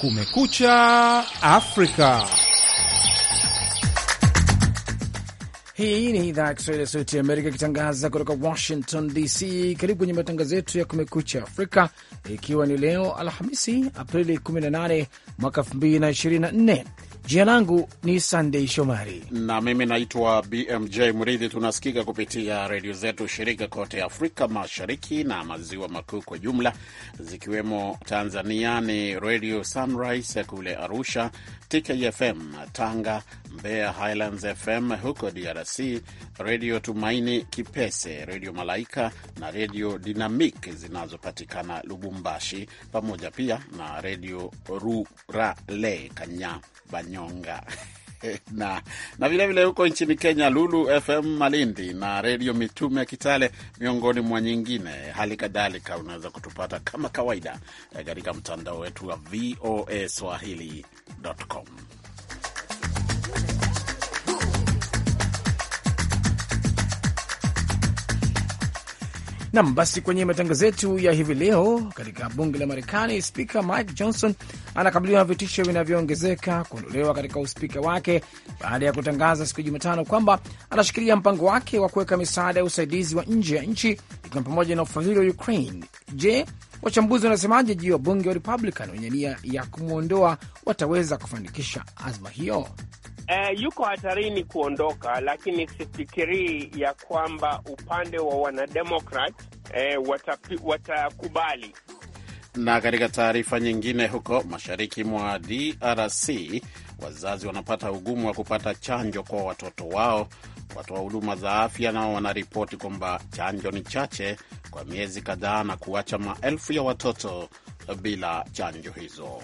Kumekucha Afrika. Hii ni idhaa ya Kiswahili ya Sauti ya Amerika ikitangaza kutoka Washington DC. Karibu kwenye matangazo yetu ya Kumekucha Afrika, ikiwa ni leo Alhamisi Aprili 18 mwaka 2024 Jina langu ni Sandei Shomari na mimi naitwa BMJ Mridhi. Tunasikika kupitia redio zetu shirika kote Afrika Mashariki na Maziwa Makuu kwa jumla, zikiwemo Tanzania ni Redio Sunrise kule Arusha, TKFM Tanga, Mbeya Highlands FM huko DRC, Redio Tumaini Kipese, Redio Malaika na Redio Dinamik zinazopatikana Lubumbashi, pamoja pia na Redio Rurale Kanya Banyonga na na vilevile huko nchini Kenya, Lulu FM Malindi na Redio Mitume Kitale, miongoni mwa nyingine. Hali kadhalika unaweza kutupata kama kawaida katika mtandao wetu wa VOA swahili.com. Nam, basi kwenye matangazo yetu ya hivi leo, katika bunge la Marekani, spika Mike Johnson anakabiliwa na vitisho vinavyoongezeka kuondolewa katika uspika wake baada ya kutangaza siku ya Jumatano kwamba anashikilia mpango wake wa kuweka misaada ya usaidizi wa nje ya nchi ikiwa pamoja na ufadhili wa Ukraine. Je, wachambuzi wanasemaje juu ya bunge wa Republican wenye nia ya kumwondoa wataweza kufanikisha azma hiyo? Uh, yuko hatarini kuondoka, lakini sifikirii ya kwamba upande wa wanademokrat uh, eh, watakubali watakubali. Na katika taarifa nyingine, huko mashariki mwa DRC wazazi wanapata ugumu wa kupata chanjo kwa watoto wao. Watoa wa huduma za afya nao wanaripoti kwamba chanjo ni chache kwa miezi kadhaa na kuacha maelfu ya watoto bila chanjo hizo.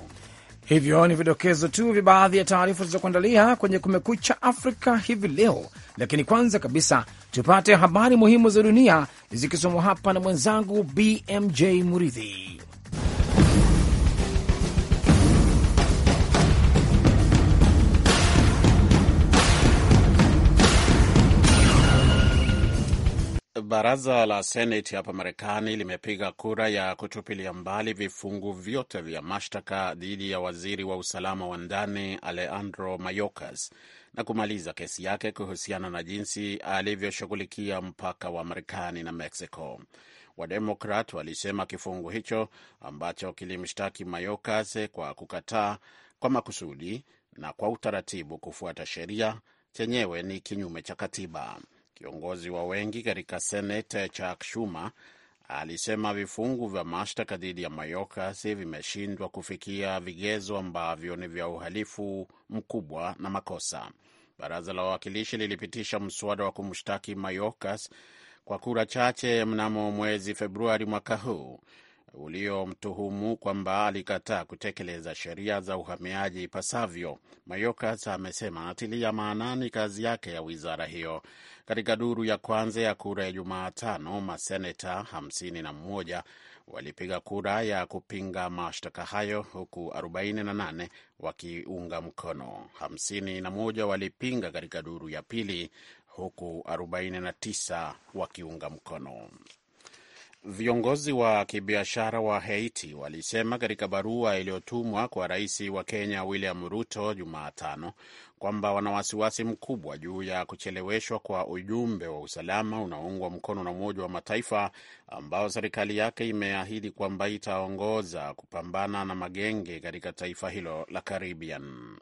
Hivyo ni vidokezo tu vya baadhi ya taarifa zilizokuandalia kwenye Kumekucha Afrika hivi leo, lakini kwanza kabisa tupate habari muhimu za dunia zikisomwa hapa na mwenzangu BMJ Muridhi. Baraza la senati hapa Marekani limepiga kura ya kutupilia mbali vifungu vyote vya mashtaka dhidi ya waziri wa usalama wa ndani Alejandro Mayorkas na kumaliza kesi yake kuhusiana na jinsi alivyoshughulikia mpaka wa Marekani na Mexico. Wademokrat walisema kifungu hicho ambacho kilimshtaki Mayorkas kwa kukataa kwa makusudi na kwa utaratibu kufuata sheria, chenyewe ni kinyume cha katiba. Kiongozi wa wengi katika Senate Chuck Schumer alisema vifungu vya mashtaka dhidi ya Mayorkas vimeshindwa kufikia vigezo ambavyo ni vya uhalifu mkubwa na makosa. Baraza la Wawakilishi lilipitisha mswada wa kumshtaki Mayorkas kwa kura chache mnamo mwezi Februari mwaka huu uliomtuhumu kwamba alikataa kutekeleza sheria za uhamiaji ipasavyo. Mayokas amesema atilia maanani kazi yake ya wizara hiyo. Katika duru ya kwanza ya kura ya Jumatano, maseneta 51 walipiga kura ya kupinga mashtaka hayo, huku 48 wakiunga mkono. 51 walipinga katika duru ya pili, huku 49 wakiunga mkono. Viongozi wa kibiashara wa Haiti walisema katika barua iliyotumwa kwa rais wa Kenya William Ruto Jumatano kwamba wana wasiwasi mkubwa juu ya kucheleweshwa kwa ujumbe wa usalama unaoungwa mkono na Umoja wa Mataifa ambao serikali yake imeahidi kwamba itaongoza kupambana na magenge katika taifa hilo la Caribbean.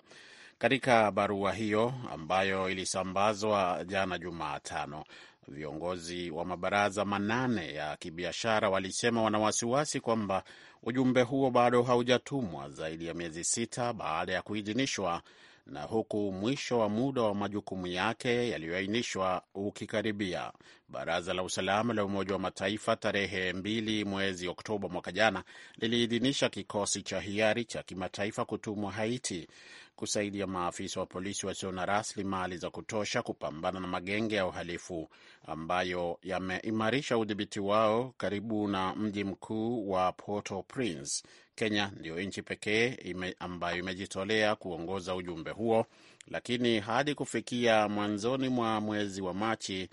Katika barua hiyo ambayo ilisambazwa jana Jumatano, Viongozi wa mabaraza manane ya kibiashara walisema wana wasiwasi kwamba ujumbe huo bado haujatumwa zaidi ya miezi sita baada ya kuidhinishwa na huku mwisho wa muda wa majukumu yake yaliyoainishwa ukikaribia. Baraza la usalama la Umoja wa Mataifa tarehe mbili mwezi Oktoba mwaka jana liliidhinisha kikosi cha hiari cha kimataifa kutumwa Haiti kusaidia maafisa wa polisi wasio na rasilimali za kutosha kupambana na magenge ya uhalifu ambayo yameimarisha udhibiti wao karibu na mji mkuu wa porto prince Kenya ndiyo nchi pekee ime, ambayo imejitolea kuongoza ujumbe huo, lakini hadi kufikia mwanzoni mwa mwezi wa Machi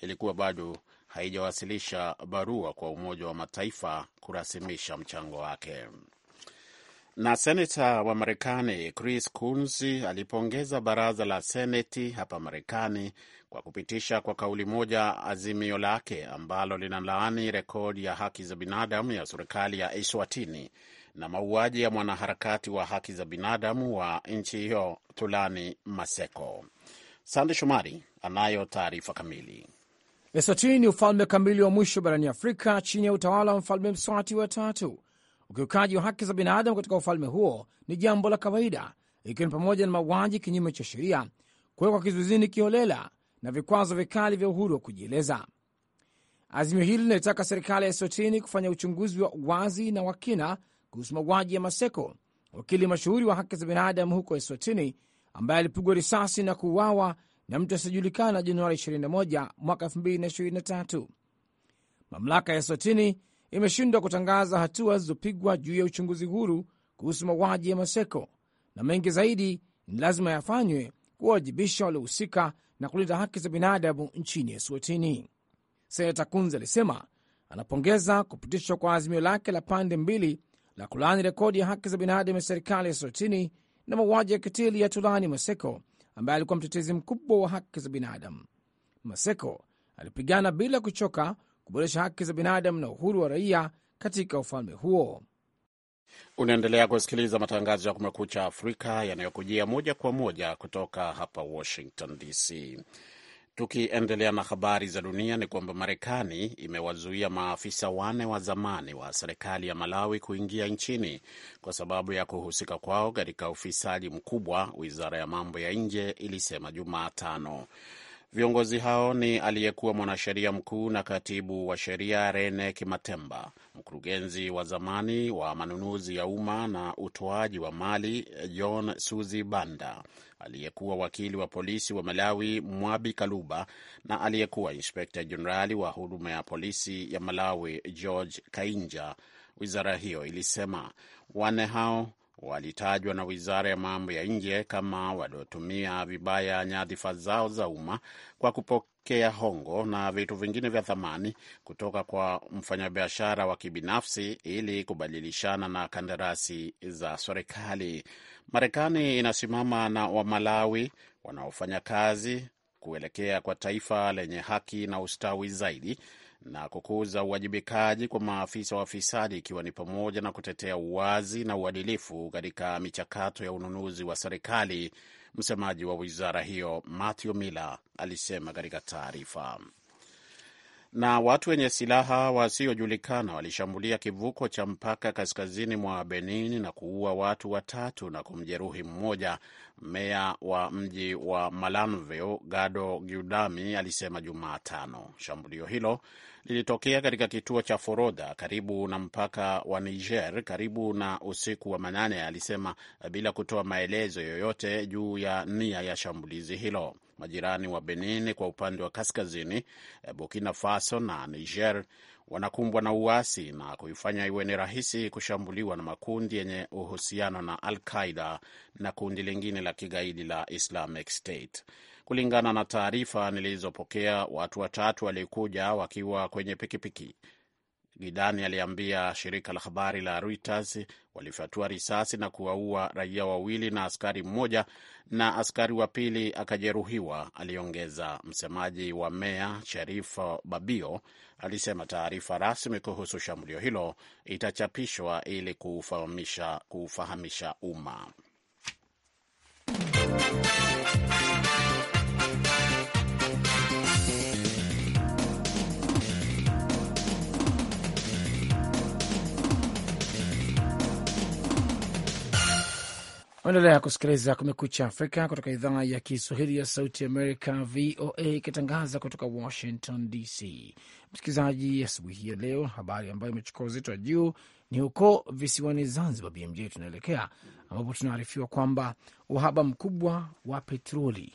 ilikuwa bado haijawasilisha barua kwa Umoja wa Mataifa kurasimisha mchango wake. Na seneta wa Marekani Chris Coons alipongeza baraza la seneti hapa Marekani kwa kupitisha kwa kauli moja azimio lake ambalo linalaani rekodi ya haki za binadamu ya serikali ya Eswatini na mauaji ya mwanaharakati wa haki za binadamu wa nchi hiyo Thulani Maseko. Sande Shomari anayo taarifa kamili. Eswatini ni ufalme kamili wa mwisho barani Afrika chini ya utawala wa Mfalme Mswati wa tatu Ukiukaji wa haki za binadamu katika ufalme huo ni jambo la kawaida, ikiwa ni pamoja na mauaji kinyume cha sheria, kuwekwa kizuizini kiholela na vikwazo vikali vya uhuru wa kujieleza. Azimio hili linaitaka serikali ya Eswatini kufanya uchunguzi wa wazi na wa kina kuhusu mauaji ya Maseko, wakili mashuhuri wa haki za binadamu huko Eswatini, ambaye alipigwa risasi na kuuawa na mtu asiyojulikana Januari 21 mwaka 2023. Mamlaka ya Eswatini imeshindwa kutangaza hatua zilizopigwa juu ya uchunguzi huru kuhusu mauaji ya Maseko, na mengi zaidi ni lazima yafanywe kuwawajibisha waliohusika na kulinda haki za binadamu nchini Eswatini. Senata Kunz alisema anapongeza kupitishwa kwa azimio lake la pande mbili la kulaani rekodi ya haki za binadamu ya serikali ya Eswatini na mauaji ya kitili ya Tulani Maseko ambaye alikuwa mtetezi mkubwa wa haki za binadamu. Maseko alipigana bila kuchoka kuboresha haki za binadamu na uhuru wa raia katika ufalme huo. Unaendelea kusikiliza matangazo ya Kumekucha Afrika yanayokujia moja kwa moja kutoka hapa Washington DC. Tukiendelea na habari za dunia, ni kwamba Marekani imewazuia maafisa wane wa zamani wa serikali ya Malawi kuingia nchini kwa sababu ya kuhusika kwao katika ufisadi mkubwa, wizara ya mambo ya nje ilisema Jumatano. Viongozi hao ni aliyekuwa mwanasheria mkuu na katibu wa sheria Rene Kimatemba, mkurugenzi wa zamani wa manunuzi ya umma na utoaji wa mali John Suzi Banda, aliyekuwa wakili wa polisi wa Malawi Mwabi Kaluba na aliyekuwa inspekta jenerali wa huduma ya polisi ya Malawi George Kainja. Wizara hiyo ilisema wanne hao walitajwa na wizara ya mambo ya nje kama waliotumia vibaya nyadhifa zao za umma kwa kupokea hongo na vitu vingine vya thamani kutoka kwa mfanyabiashara wa kibinafsi ili kubadilishana na kandarasi za serikali. Marekani inasimama na Wamalawi wanaofanya kazi kuelekea kwa taifa lenye haki na ustawi zaidi na kukuza uwajibikaji kwa maafisa wa fisadi ikiwa ni pamoja na kutetea uwazi na uadilifu katika michakato ya ununuzi wa serikali. Msemaji wa wizara hiyo Matthew Miller alisema katika taarifa na watu wenye silaha wasiojulikana walishambulia kivuko cha mpaka kaskazini mwa Benin na kuua watu watatu na kumjeruhi mmoja, meya wa mji wa Malanville Gado Giudami alisema Jumatano. Shambulio hilo lilitokea katika kituo cha Forodha karibu na mpaka wa Niger karibu na usiku wa manane, alisema eh, bila kutoa maelezo yoyote juu ya nia ya shambulizi hilo. Majirani wa Benin kwa upande wa kaskazini, eh, Burkina Faso na Niger wanakumbwa na uasi na kuifanya iwe ni rahisi kushambuliwa na makundi yenye uhusiano na Al Qaida na kundi lingine la kigaidi la Islamic State. Kulingana na taarifa nilizopokea, watu watatu walikuja wakiwa kwenye pikipiki. Gidani aliambia shirika la habari la Reuters walifyatua risasi na kuwaua raia wawili na askari mmoja, na askari wa pili akajeruhiwa, aliongeza. Msemaji wa meya Sherifa Babio alisema taarifa rasmi kuhusu shambulio hilo itachapishwa ili kuufahamisha umma. Waendelea kusikiliza Kumekucha Afrika kutoka idhaa ya Kiswahili ya Sauti Amerika, VOA, ikitangaza kutoka Washington DC. Msikilizaji, asubuhi hii ya leo, habari ambayo imechukua uzito wa juu ni huko visiwani Zanzibar. BMJ tunaelekea ambapo tunaarifiwa kwamba uhaba mkubwa wa petroli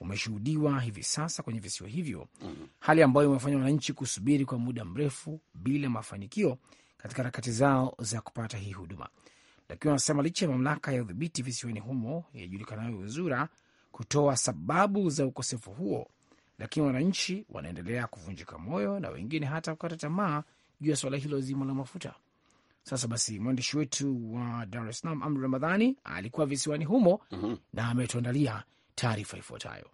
umeshuhudiwa hivi sasa kwenye visiwa hivyo, hali ambayo imefanya wananchi kusubiri kwa muda mrefu bila mafanikio katika harakati zao za kupata hii huduma lakini wanasema licha ya mamlaka ya udhibiti visiwani humo yajulikanayo Uzura kutoa sababu za ukosefu huo, lakini wananchi wanaendelea kuvunjika moyo na wengine hata kukata tamaa juu ya swala hilo zima la mafuta. Sasa basi, mwandishi wetu wa Dar es Salaam Amri Ramadhani alikuwa visiwani humo mm -hmm. na ametuandalia taarifa ifuatayo.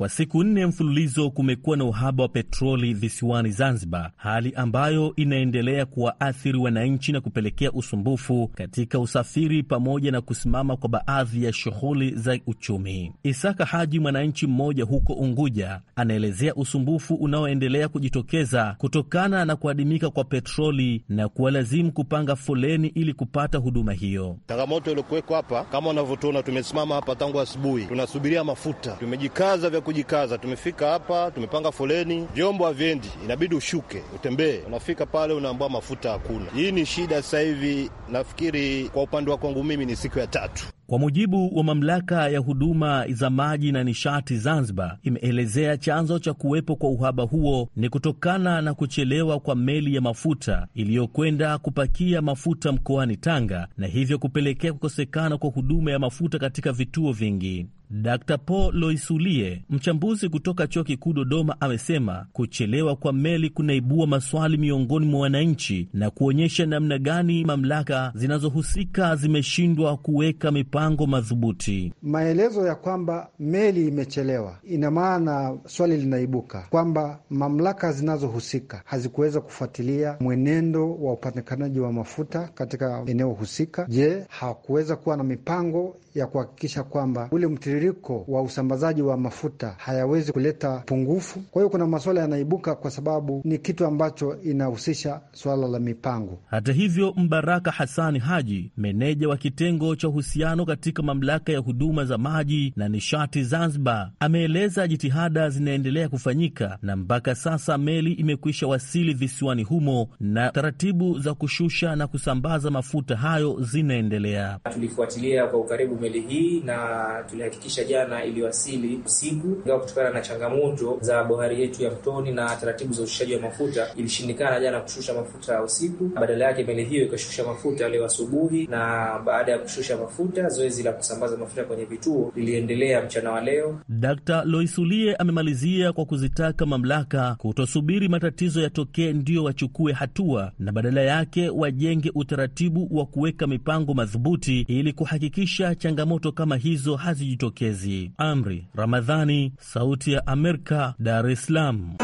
Kwa siku nne mfululizo kumekuwa na uhaba wa petroli visiwani Zanzibar, hali ambayo inaendelea kuwaathiri wananchi na kupelekea usumbufu katika usafiri pamoja na kusimama kwa baadhi ya shughuli za uchumi. Isaka Haji, mwananchi mmoja huko Unguja, anaelezea usumbufu unaoendelea kujitokeza kutokana na kuadimika kwa petroli na kuwalazimu kupanga foleni ili kupata huduma hiyo. Changamoto iliokuwekwa hapa, kama unavyotuona, tumesimama hapa tangu asubuhi, tunasubiria mafuta, tumejikaza vya kujikaza. Tumefika hapa, tumepanga foleni, vyombo haviendi, inabidi ushuke utembee. Unafika pale unaambua mafuta hakuna. Hii ni shida sasa hivi, nafikiri kwa upande wa kwangu mimi ni siku ya tatu. Kwa mujibu wa mamlaka ya huduma za maji na nishati Zanzibar, imeelezea chanzo cha kuwepo kwa uhaba huo ni kutokana na kuchelewa kwa meli ya mafuta iliyokwenda kupakia mafuta mkoani Tanga na hivyo kupelekea kukosekana kwa huduma ya mafuta katika vituo vingi. Dr Paul Loisulie, mchambuzi kutoka chuo kikuu Dodoma, amesema kuchelewa kwa meli kunaibua maswali miongoni mwa wananchi na kuonyesha namna gani mamlaka zinazohusika zimeshindwa kuweka mipa mipango madhubuti. Maelezo ya kwamba meli imechelewa, ina maana swali linaibuka kwamba mamlaka zinazohusika hazikuweza kufuatilia mwenendo wa upatikanaji wa mafuta katika eneo husika. Je, hawakuweza kuwa na mipango ya kuhakikisha kwamba ule mtiririko wa usambazaji wa mafuta hayawezi kuleta pungufu? Kwa hiyo kuna maswala yanaibuka kwa sababu ni kitu ambacho inahusisha swala la mipango. Hata hivyo, Mbaraka Hasani Haji, meneja wa kitengo cha uhusiano katika mamlaka ya huduma za maji na nishati Zanzibar ameeleza jitihada zinaendelea kufanyika na mpaka sasa meli imekwisha wasili visiwani humo na taratibu za kushusha na kusambaza mafuta hayo zinaendelea. Tulifuatilia kwa ukaribu meli hii na tulihakikisha jana iliwasili usiku, ingawa kutokana na changamoto za bohari yetu ya Mtoni na taratibu za ushushaji wa mafuta ilishindikana jana kushusha mafuta usiku. Badala yake meli hiyo ikashusha mafuta leo asubuhi, na baada ya kushusha mafuta zoezi la kusambaza mafuta kwenye vituo liliendelea mchana wa leo. Dkt. Loisulie amemalizia kwa kuzitaka mamlaka kutosubiri matatizo yatokee ndiyo wachukue hatua, na badala yake wajenge utaratibu wa kuweka mipango madhubuti ili kuhakikisha changamoto kama hizo hazijitokezi. Amri Ramadhani, Sauti ya Amerika, Dar es Salaam.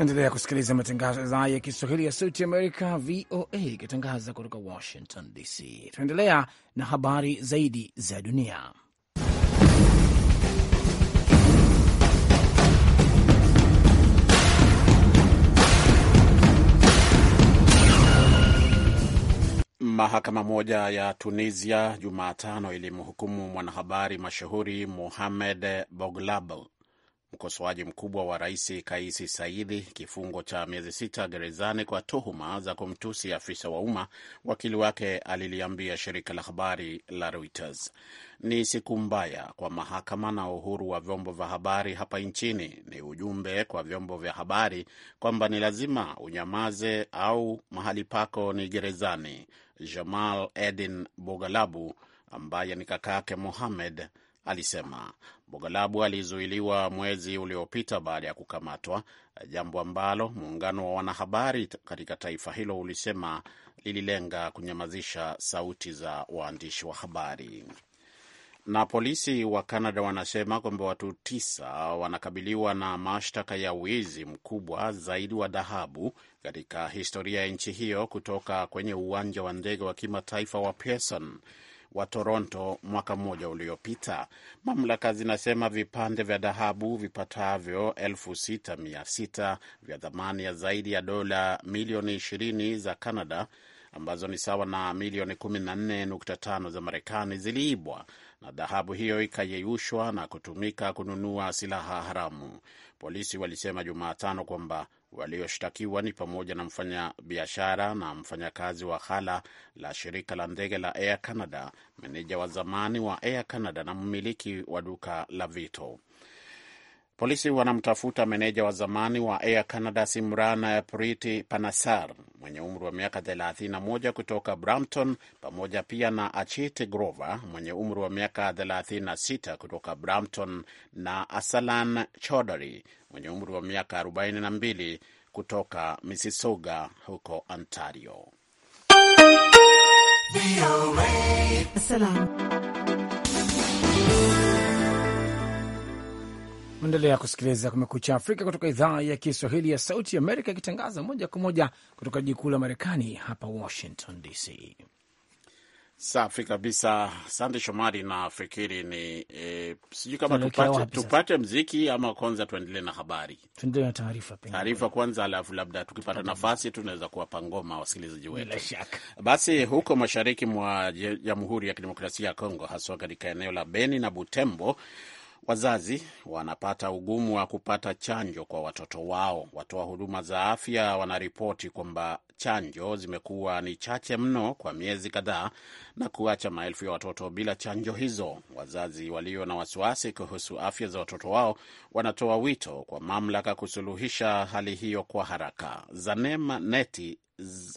Endelea kusikiliza matangazo idhaa ya Kiswahili ya Sauti Amerika, VOA, ikitangaza kutoka Washington DC. Tunaendelea na habari zaidi za dunia. Mahakama moja ya Tunisia Jumatano ilimhukumu mwanahabari mashuhuri Mohamed Bouglab mkosoaji mkubwa wa rais Kaisi Saidi kifungo cha miezi sita gerezani kwa tuhuma za kumtusi afisa wa umma, wakili wake aliliambia shirika la habari la Reuters. Ni siku mbaya kwa mahakama na uhuru wa vyombo vya habari hapa nchini. Ni ujumbe kwa vyombo vya habari kwamba ni lazima unyamaze au mahali pako ni gerezani. Jamal Edin Bogalabu ambaye ni kakaake yake Mohamed alisema. Bogalabu alizuiliwa mwezi uliopita baada ya kukamatwa, jambo ambalo muungano wa wanahabari katika taifa hilo ulisema lililenga kunyamazisha sauti za waandishi wa habari. Na polisi wa Kanada wanasema kwamba watu tisa wanakabiliwa na mashtaka ya wizi mkubwa zaidi wa dhahabu katika historia ya nchi hiyo kutoka kwenye uwanja wa ndege wa kimataifa wa Pearson wa Toronto mwaka mmoja uliopita. Mamlaka zinasema vipande vya dhahabu vipatavyo elfu mia vya thamani ya zaidi ya dola milioni 20 za Canada ambazo ni sawa na milioni 14.5 za Marekani ziliibwa na dhahabu hiyo ikayeyushwa na kutumika kununua silaha haramu. Polisi walisema Jumatano kwamba walioshtakiwa ni pamoja na mfanyabiashara na mfanyakazi wa ghala la shirika la ndege la Air Canada, meneja wa zamani wa Air Canada na mmiliki wa duka la vito. Polisi wanamtafuta meneja wa zamani wa Air Canada Simran Priti Panasar mwenye umri wa miaka 31 kutoka Brampton, pamoja pia na Achit Grover mwenye umri wa miaka 36 kutoka Brampton na Asalan chodery mwenye umri wa miaka 42 kutoka Mississauga huko Ontario. Salam. Endelea kusikiliza Kumekucha Afrika kutoka idhaa ya Kiswahili ya Sauti Amerika, ikitangaza moja kwa moja kutoka jiji kuu la Marekani, hapa Washington DC. Safi kabisa, sande Shomari. Nafikiri ni e, sijui kama tupate, tupate mziki ama kwanza tuendelee na habari, tuendelee na taarifa taarifa kwanza, alafu labda tukipata nafasi tunaweza kuwapa ngoma wasikilizaji wetu. Basi huko mashariki mwa Jamhuri ya Kidemokrasia ya Kongo, haswa katika eneo la Beni na Butembo Wazazi wanapata ugumu wa kupata chanjo kwa watoto wao. Watoa huduma za afya wanaripoti kwamba chanjo zimekuwa ni chache mno kwa miezi kadhaa na kuacha maelfu ya watoto bila chanjo hizo. Wazazi walio na wasiwasi kuhusu afya za watoto wao wanatoa wito kwa mamlaka kusuluhisha hali hiyo kwa haraka. Zanema Neti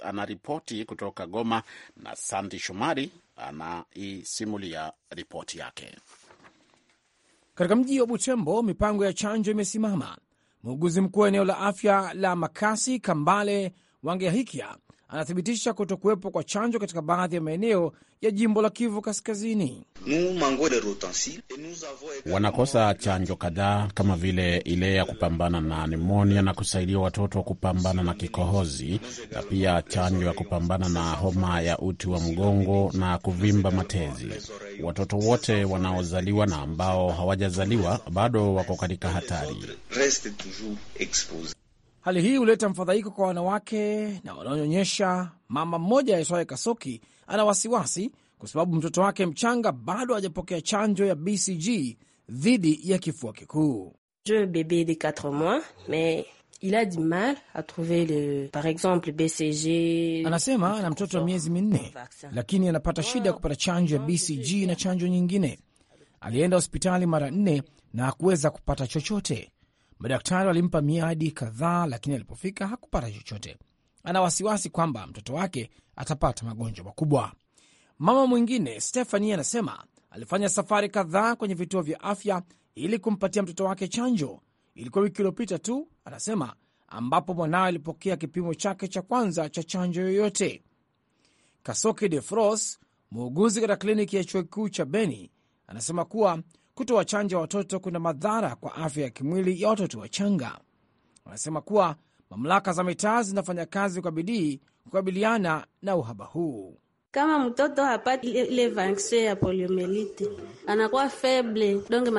anaripoti kutoka Goma na Sandi Shumari anaisimulia ripoti yake. Katika mji wa Butembo, mipango ya chanjo imesimama. Muuguzi mkuu wa eneo la afya la Makasi, Kambale Wangehikia, anathibitisha kutokuwepo kwa chanjo katika baadhi ya maeneo ya jimbo la Kivu Kaskazini. Wanakosa chanjo kadhaa kama vile ile ya kupambana na nimonia na kusaidia watoto kupambana na kikohozi, na pia chanjo ya kupambana na homa ya uti wa mgongo na kuvimba matezi. Watoto wote wanaozaliwa na ambao hawajazaliwa bado wako katika hatari. Hali hii huleta mfadhaiko kwa wanawake na wanaonyonyesha. Mama mmoja aitwaye Kasoki ana wasiwasi kwa sababu mtoto wake mchanga bado hajapokea chanjo ya BCG dhidi ya kifua kikuu. Anasema ana mtoto wa miezi minne, lakini anapata shida ya kupata chanjo ya BCG na chanjo nyingine. Alienda hospitali mara nne na hakuweza kupata chochote. Madaktari walimpa miadi kadhaa, lakini alipofika hakupata chochote. Ana wasiwasi kwamba mtoto wake atapata magonjwa makubwa. Mama mwingine Stefani anasema alifanya safari kadhaa kwenye vituo vya afya ili kumpatia mtoto wake chanjo. Ilikuwa wiki iliyopita tu, anasema, ambapo mwanawe alipokea kipimo chake cha kwanza cha chanjo yoyote. Kasoke de Fros, muuguzi katika kliniki ya chuo kikuu cha Beni, anasema kuwa kutowachanja watoto kuna madhara kwa afya ya kimwili ya watoto wachanga. Wanasema kuwa mamlaka za mitaa zinafanya kazi kwa bidii kukabiliana na uhaba huu. Kama mtoto hapati ile vaksin ya poliomelite anakuwa feble donge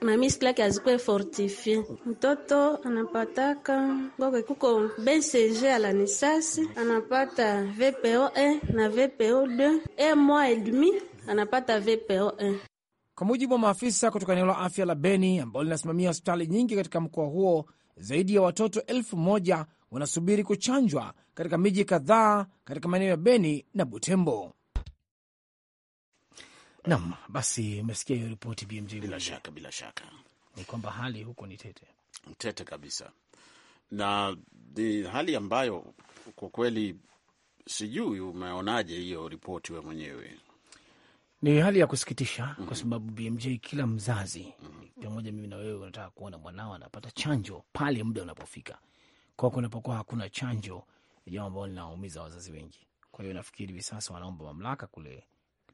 mamiski lake azikuwe fortifie. Mtoto anapataka ngoke kuko BCG alanisasi anapata VPO1 na VPO2 e mwa edmi anapata VPO1. Kwa mujibu wa maafisa kutoka eneo la afya la Beni ambalo linasimamia hospitali nyingi katika mkoa huo, zaidi ya watoto elfu moja wanasubiri kuchanjwa katika miji kadhaa katika maeneo ya Beni na Butembo. Nam, basi umesikia hiyo ripoti BMJ. Bila shaka, bila shaka ni kwamba hali huko ni tete tete kabisa, na ni hali ambayo kwa kweli sijui umeonaje hiyo ripoti we mwenyewe. Ni hali ya kusikitisha mm -hmm. kwa mm-hmm. sababu BMJ, kila mzazi mm -hmm. pamoja mimi na wewe unataka kuona mwanao anapata chanjo pale muda unapofika. Kwa kunapokuwa hakuna chanjo, ni jambo ambalo linawaumiza wazazi wengi. Kwa hiyo nafikiri hivi sasa wanaomba mamlaka kule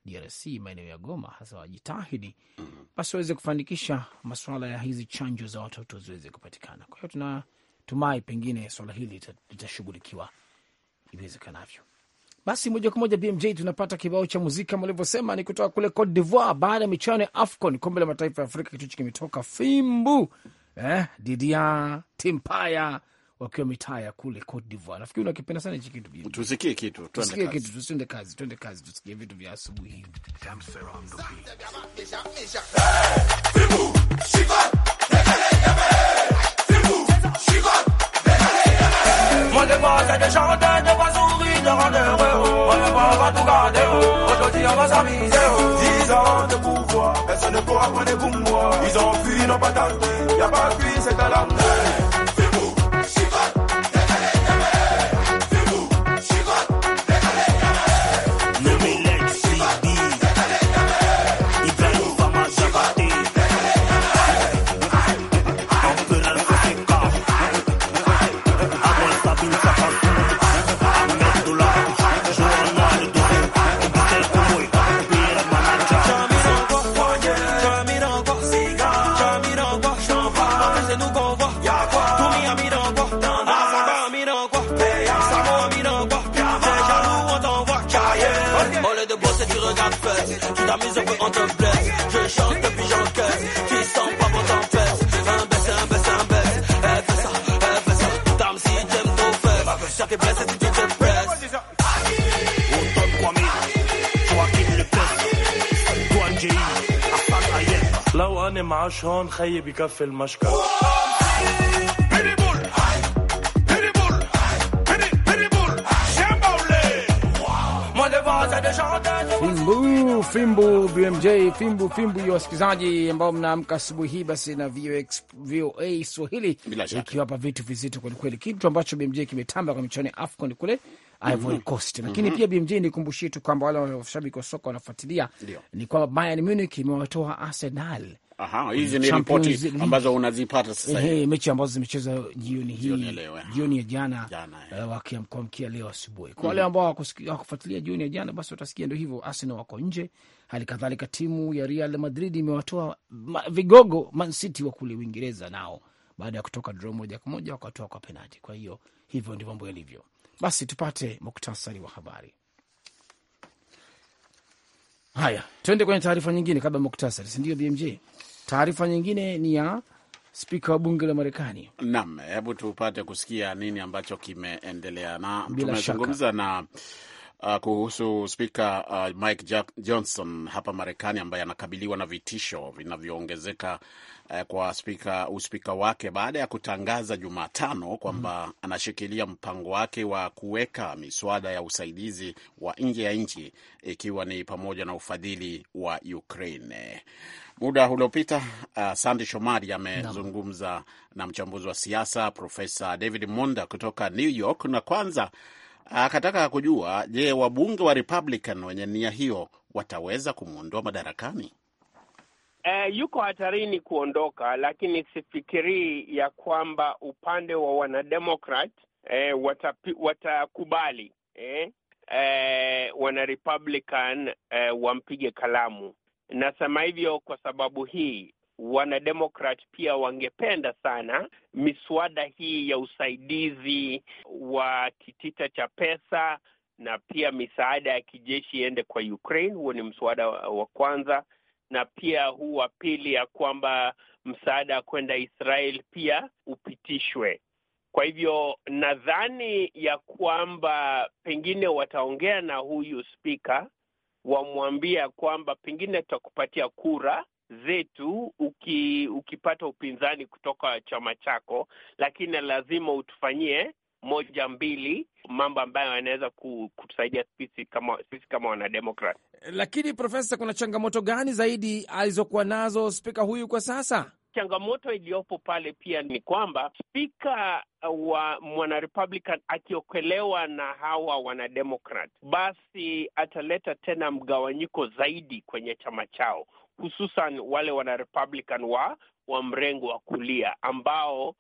DRC maeneo ya Goma hasa wajitahidi mm -hmm. basi waweze kufanikisha masuala ya hizi chanjo za watoto ziweze kupatikana. Kwa hiyo tunatumai pengine swala hili litashughulikiwa iwezekanavyo. Basi moja kwa moja BMJ tunapata kibao cha muziki kama ulivyosema, ni kutoka kule Cote d'Ivoire baada ya michuano ya AFCON, kombe la mataifa ya Afrika. Kitu kimetoka fimbu eh, Didia Timpaya wakiwa mitaya kule Cote d'Ivoire. Nafikiri unakipenda sana hichi kitu. Tusikie kitu, tusikie kitu, tusiende kazi, tuende kazi, tusikie vitu vya asubuhi. on va tout garder. Aujourd'hui, on va s'amuser. 10 ans de pouvoir, personne ne pourra prendre pour moi. Ils ont fui, ils n'ont pas tardé. Y'a pas fui, c'est à la معاش هون خيي بكفي المشكل Fimbu fimbu BMJ fimbu fimbu ya wasikilizaji ambao mnaamka asubuhi hii basi na VOA Swahili ikiwapa vitu vizito kwelikweli, kitu ambacho BMJ kimetamba kwa michuano ya AFCON kule Ivory mm-hmm. Coast. Mm-hmm. Lakini pia BMJ nikumbushie tu kwamba wale washabiki wa soka wanafuatilia ni kwamba Bayern Munich imewatoa Arsenal hizi ni ripoti ambazo unazipata sasa hivi, mechi ambazo zimecheza jioni hii, jioni ya eh. jana, uh, wakiamkia leo asubuhi. Kwa hmm. wale ambao hawakufuatilia jioni ya jana, basi watasikia ndio hivyo, Arsenal wako nje. Hali kadhalika timu ya Real Madrid imewatoa vigogo Man City wa kule Uingereza nao baada ya kutoka draw moja kwa moja wakatoa kwa penalti. Kwa hiyo hivyo ndivyo mambo yalivyo. Basi tupate muktasari wa habari. Haya, twende kwenye taarifa nyingine kabla muktasari, si ndio BMJ? Taarifa nyingine ni ya spika wa bunge la Marekani. Naam, hebu tupate kusikia nini ambacho kimeendelea, na tumezungumza na uh, kuhusu spika uh, Mike Jack Johnson hapa Marekani ambaye anakabiliwa na vitisho vinavyoongezeka uh, kwa spika uspika wake baada ya kutangaza Jumatano kwamba mm, anashikilia mpango wake wa kuweka miswada ya usaidizi wa nje ya nchi ikiwa ni pamoja na ufadhili wa Ukraine. Muda uliopita uh, Sandi Shomari amezungumza na mchambuzi wa siasa Profesa David Monda kutoka New York, na kwanza akataka kujua, je, wabunge wa Republican wenye nia hiyo wataweza kumwondoa madarakani? Uh, yuko hatarini kuondoka, lakini sifikirii ya kwamba upande wa wanademokrat eh, watapi, watakubali eh, eh, wanarepublican eh, wampige kalamu. Nasema hivyo kwa sababu hii Wanademokrat pia wangependa sana miswada hii ya usaidizi wa kitita cha pesa na pia misaada ya kijeshi iende kwa Ukraine. Huo ni mswada wa kwanza, na pia huu wa pili, ya kwamba msaada kwenda Israel pia upitishwe. Kwa hivyo nadhani ya kwamba pengine wataongea na huyu spika, wamwambia kwamba pengine tutakupatia kura zetu uki, ukipata upinzani kutoka chama chako, lakini lazima utufanyie moja mbili mambo ambayo yanaweza kutusaidia sisi kama, sisi kama wanademokrat. Lakini Profesa, kuna changamoto gani zaidi alizokuwa nazo spika huyu kwa sasa? Changamoto iliyopo pale pia ni kwamba spika uh, wa mwanarepublican akiokelewa na hawa wanademokrat, basi ataleta tena mgawanyiko zaidi kwenye chama chao hususan wale wana Republican wa wa mrengo wa kulia ambao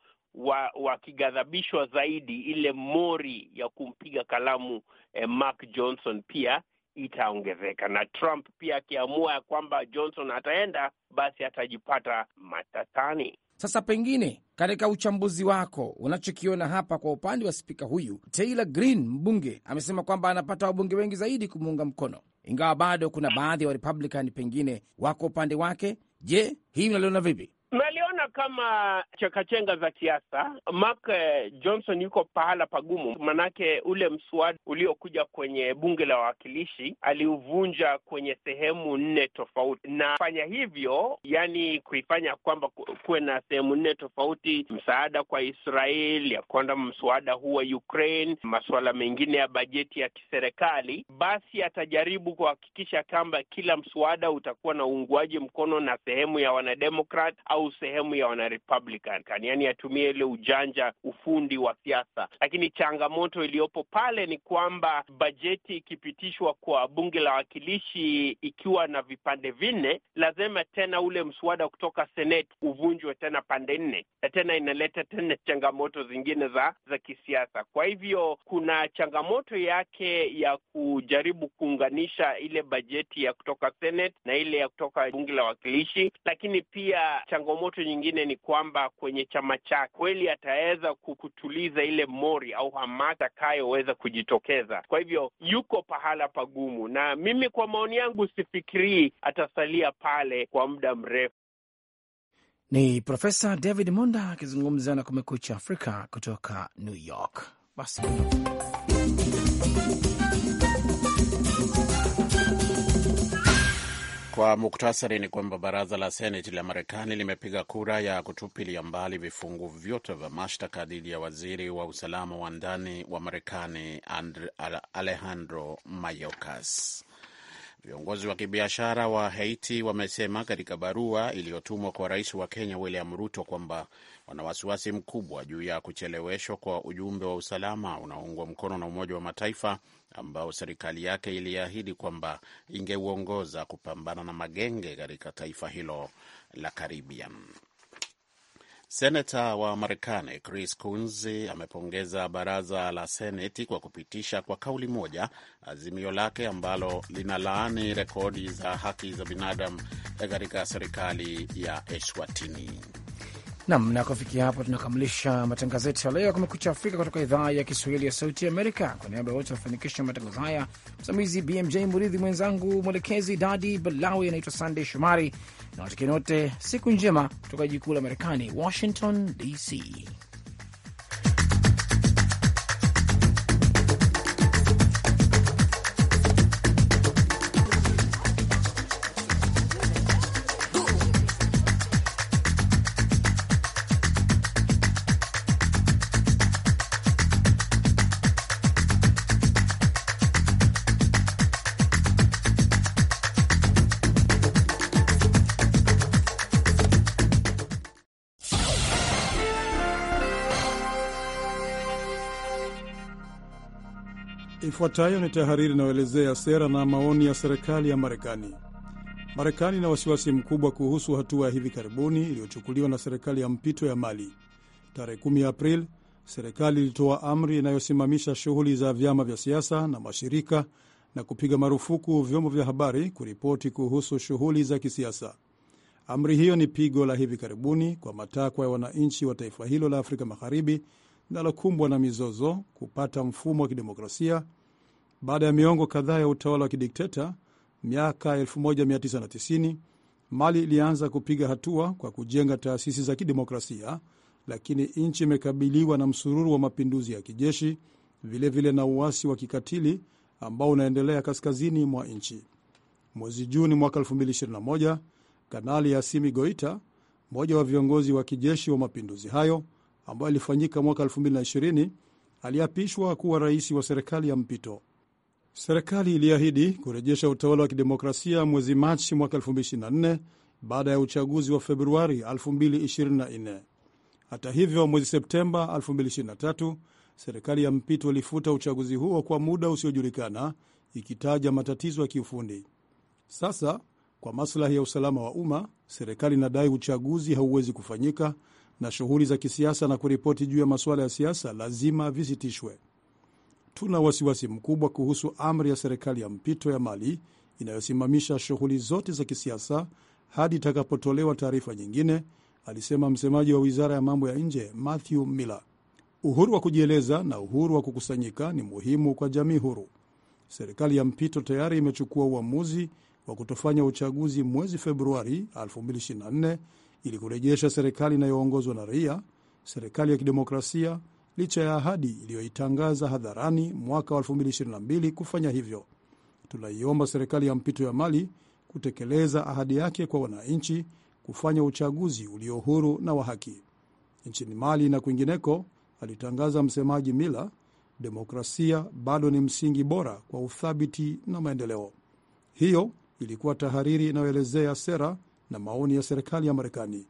wakighadhabishwa wa zaidi, ile mori ya kumpiga kalamu eh, Mark Johnson pia itaongezeka na Trump pia akiamua ya kwamba Johnson ataenda basi atajipata matatani. Sasa pengine katika uchambuzi wako unachokiona hapa kwa upande wa spika huyu Taylor Green, mbunge amesema kwamba anapata wabunge wengi zaidi kumuunga mkono ingawa bado kuna baadhi ya Warepublican pengine wako upande wake. Je, hii unaliona vipi? Naliona kama chekachenga za siasa. Mark eh, Johnson yuko pahala pagumu, manake ule mswada uliokuja kwenye bunge la wawakilishi aliuvunja kwenye sehemu nne tofauti, na fanya hivyo, yani kuifanya kwamba kuwe na sehemu nne tofauti: msaada kwa Israel, ya kwamba mswada huu wa Ukraine, masuala mengine ya bajeti ya kiserikali. Basi atajaribu kuhakikisha kwamba kila mswada utakuwa na uunguaji mkono na sehemu ya wanademokrat au au sehemu ya wanarepublican, yaani atumie ile ujanja, ufundi wa siasa. Lakini changamoto iliyopo pale ni kwamba bajeti ikipitishwa kwa bunge la wakilishi ikiwa na vipande vinne, lazima tena ule mswada kutoka senet uvunjwe tena pande nne, na tena inaleta tena changamoto zingine za za kisiasa. Kwa hivyo kuna changamoto yake ya kujaribu kuunganisha ile bajeti ya kutoka Senate na ile ya kutoka bunge la wakilishi lakini pia changamoto changamoto nyingine ni kwamba kwenye chama chake kweli ataweza kukutuliza ile mori au hamasa atakayoweza kujitokeza. Kwa hivyo yuko pahala pagumu, na mimi kwa maoni yangu sifikirii atasalia pale kwa muda mrefu. Ni Profesa David Monda akizungumza na Kumekucha Afrika kutoka New York. Basi Kwa muktasari ni kwamba baraza la seneti la Marekani limepiga kura ya kutupilia mbali vifungu vyote vya mashtaka dhidi ya waziri wa usalama wa ndani wa Marekani Alejandro Mayorkas. Viongozi wa kibiashara wa Haiti wamesema katika barua iliyotumwa kwa rais wa Kenya William Ruto kwamba wana wasiwasi mkubwa juu ya kucheleweshwa kwa ujumbe wa usalama unaoungwa mkono na Umoja wa Mataifa ambao serikali yake iliahidi kwamba ingeuongoza kupambana na magenge katika taifa hilo la Caribbean. Senata wa Marekani Chris Coons amepongeza baraza la Seneti kwa kupitisha kwa kauli moja azimio lake ambalo linalaani rekodi za haki za binadamu katika serikali ya Eswatini nam na kufikia hapo tunakamilisha matangazo yetu ya leo ya Kumekucha Afrika kutoka idhaa ya Kiswahili ya Sauti Amerika. Kwa niaba ya wote wafanikisha matangazo haya, msimamizi BMJ Muridhi, mwenzangu mwelekezi Dadi Balawi, anaitwa Sandey Shomari na watakieni wote siku njema kutoka jiji kuu la Marekani, Washington DC. Ifuatayo ni tahariri inayoelezea sera na maoni ya serikali ya Marekani. Marekani ina wasiwasi mkubwa kuhusu hatua ya hivi karibuni iliyochukuliwa na serikali ya mpito ya Mali. Tarehe 10 Aprili, serikali ilitoa amri inayosimamisha shughuli za vyama vya siasa na mashirika na kupiga marufuku vyombo vya habari kuripoti kuhusu shughuli za kisiasa. Amri hiyo ni pigo la hivi karibuni kwa matakwa ya wananchi wa taifa hilo la Afrika Magharibi linalokumbwa na mizozo kupata mfumo wa kidemokrasia baada ya miongo kadhaa ya utawala wa kidikteta miaka 1990 Mali ilianza kupiga hatua kwa kujenga taasisi za kidemokrasia, lakini nchi imekabiliwa na msururu wa mapinduzi ya kijeshi, vilevile vile na uasi wa kikatili ambao unaendelea kaskazini mwa nchi. Mwezi Juni mwaka 221 Kanali Yasimi Goita, mmoja wa viongozi wa kijeshi wa mapinduzi hayo ambayo ilifanyika mwaka 220 aliapishwa kuwa rais wa serikali ya mpito. Serikali iliahidi kurejesha utawala wa kidemokrasia mwezi Machi mwaka 2024 baada ya uchaguzi wa Februari 2024. Hata hivyo, mwezi Septemba 2023 serikali ya mpito ilifuta uchaguzi huo kwa muda usiojulikana, ikitaja matatizo ya kiufundi. Sasa, kwa maslahi ya usalama wa umma, serikali inadai uchaguzi hauwezi kufanyika na shughuli za kisiasa na kuripoti juu ya masuala ya siasa lazima visitishwe tuna wasiwasi mkubwa kuhusu amri ya serikali ya mpito ya Mali inayosimamisha shughuli zote za kisiasa hadi itakapotolewa taarifa nyingine, alisema msemaji wa wizara ya mambo ya nje Matthew Miller. Uhuru wa kujieleza na uhuru wa kukusanyika ni muhimu kwa jamii huru. Serikali ya mpito tayari imechukua uamuzi wa kutofanya uchaguzi mwezi Februari 2024 ili kurejesha serikali inayoongozwa na raia, serikali ya kidemokrasia licha ya ahadi iliyoitangaza hadharani mwaka wa 2022 kufanya hivyo. Tunaiomba serikali ya mpito ya Mali kutekeleza ahadi yake kwa wananchi, kufanya uchaguzi ulio huru na wa haki nchini Mali na kwingineko, alitangaza msemaji Mila. Demokrasia bado ni msingi bora kwa uthabiti na maendeleo. Hiyo ilikuwa tahariri inayoelezea sera na maoni ya serikali ya Marekani.